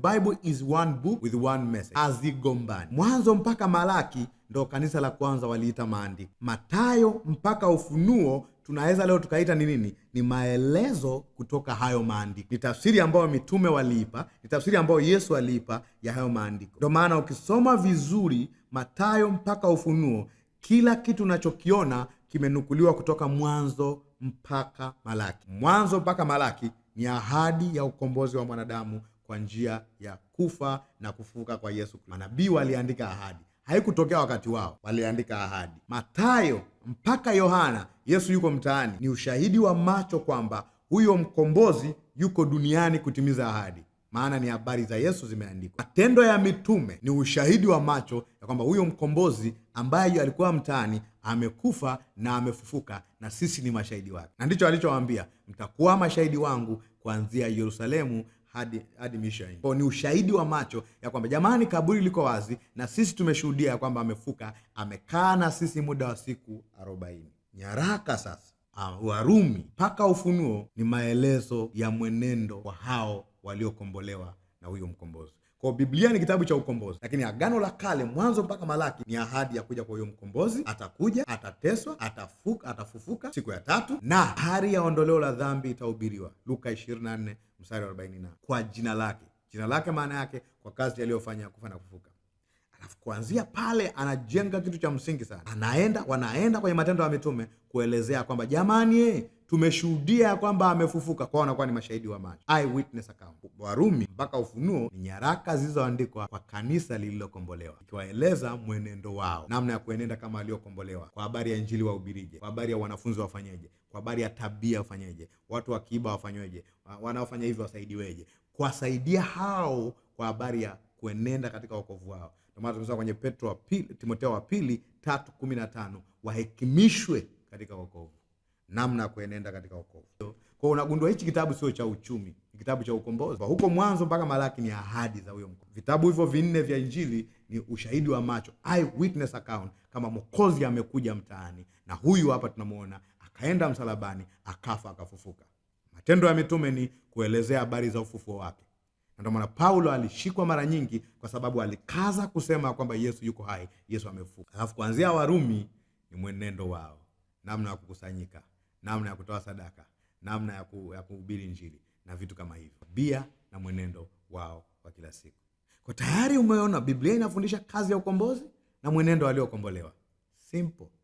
Bible is one book with one message, hazigombani. Mwanzo mpaka Malaki ndo kanisa la kwanza waliita maandiko. Matayo mpaka Ufunuo tunaweza leo tukaita ni nini? Ni maelezo kutoka hayo maandiko, ni tafsiri ambayo mitume waliipa, ni tafsiri ambayo Yesu aliipa ya hayo maandiko. Ndio maana ukisoma vizuri Matayo mpaka Ufunuo, kila kitu unachokiona kimenukuliwa kutoka Mwanzo mpaka Malaki. Mwanzo mpaka Malaki ni ahadi ya ukombozi wa mwanadamu kwa njia ya kufa na kufufuka kwa Yesu Kristo. Manabii waliandika ahadi, haikutokea wakati wao, waliandika ahadi. Mathayo mpaka Yohana, Yesu yuko mtaani, ni ushahidi wa macho kwamba huyo mkombozi yuko duniani kutimiza ahadi, maana ni habari za Yesu zimeandikwa. Matendo ya Mitume ni ushahidi wa macho ya kwamba huyo mkombozi ambaye alikuwa mtaani amekufa na amefufuka, na sisi ni mashahidi wake, na ndicho alichowaambia, mtakuwa mashahidi wangu kuanzia Yerusalemu hadi hadi miisho ya nchi. Kwa ni ushahidi wa macho ya kwamba jamani, kaburi liko wazi na sisi tumeshuhudia ya kwamba amefuka, amekaa na sisi muda wa siku arobaini. Nyaraka sasa Warumi mpaka Ufunuo ni maelezo ya mwenendo wa hao waliokombolewa na huyo mkombozi. Kwa Biblia ni kitabu cha ukombozi, lakini Agano la Kale mwanzo mpaka Malaki ni ahadi ya kuja kwa huyo mkombozi. Atakuja, atateswa, atafuka, atafufuka siku ya tatu, na hari ya ondoleo la dhambi itahubiriwa, Luka 24 mstari 40, kwa jina lake. Jina lake maana yake kwa kazi aliyofanya kufa na kufuka. Alafu kuanzia pale anajenga kitu cha msingi sana, anaenda wanaenda kwenye Matendo ya Mitume kuelezea kwamba jamani, eh, tumeshuhudia ya kwamba amefufuka, kwao wanakuwa ni mashahidi wa macho, eyewitness account. Warumi mpaka Ufunuo ni nyaraka zilizoandikwa kwa kanisa lililokombolewa, ikiwaeleza mwenendo wao, namna ya kuenenda kama aliyokombolewa, kwa habari ya Injili wahubirije, kwa habari ya wanafunzi wafanyeje, kwa habari ya tabia wafanyeje, watu wakiiba wafanyweje, wanaofanya hivyo wasaidiweje, kuwasaidia hao kwa habari ya kuenenda katika wokovu wao. Ndio maana tunasema kwenye Petro wa pili, Timotheo wa pili tatu kumi na tano wahekimishwe katika wokovu, namna ya kuenenda katika wokovu. Kwa unagundua hichi kitabu sio cha uchumi, ni kitabu cha ukombozi. Huko Mwanzo mpaka Malaki ni ahadi za huyo mkombozi. Vitabu hivyo vinne vya Injili ni ushahidi wa macho, eye witness account, kama Mwokozi amekuja mtaani, na huyu hapa tunamwona akaenda msalabani, akafa, akafufuka. Matendo ya Mitume ni kuelezea habari za ufufuo wake. Na ndio maana Paulo alishikwa mara nyingi, kwa sababu alikaza kusema kwamba Yesu yuko hai, Yesu amefufuka. Alafu kuanzia Warumi ni mwenendo wao, namna ya kukusanyika, namna ya kutoa sadaka, namna ya kuhubiri Injili na vitu kama hivyo, bia na mwenendo wao wa kila siku. Kwa tayari umeona Biblia inafundisha kazi ya ukombozi na mwenendo aliokombolewa. Simple.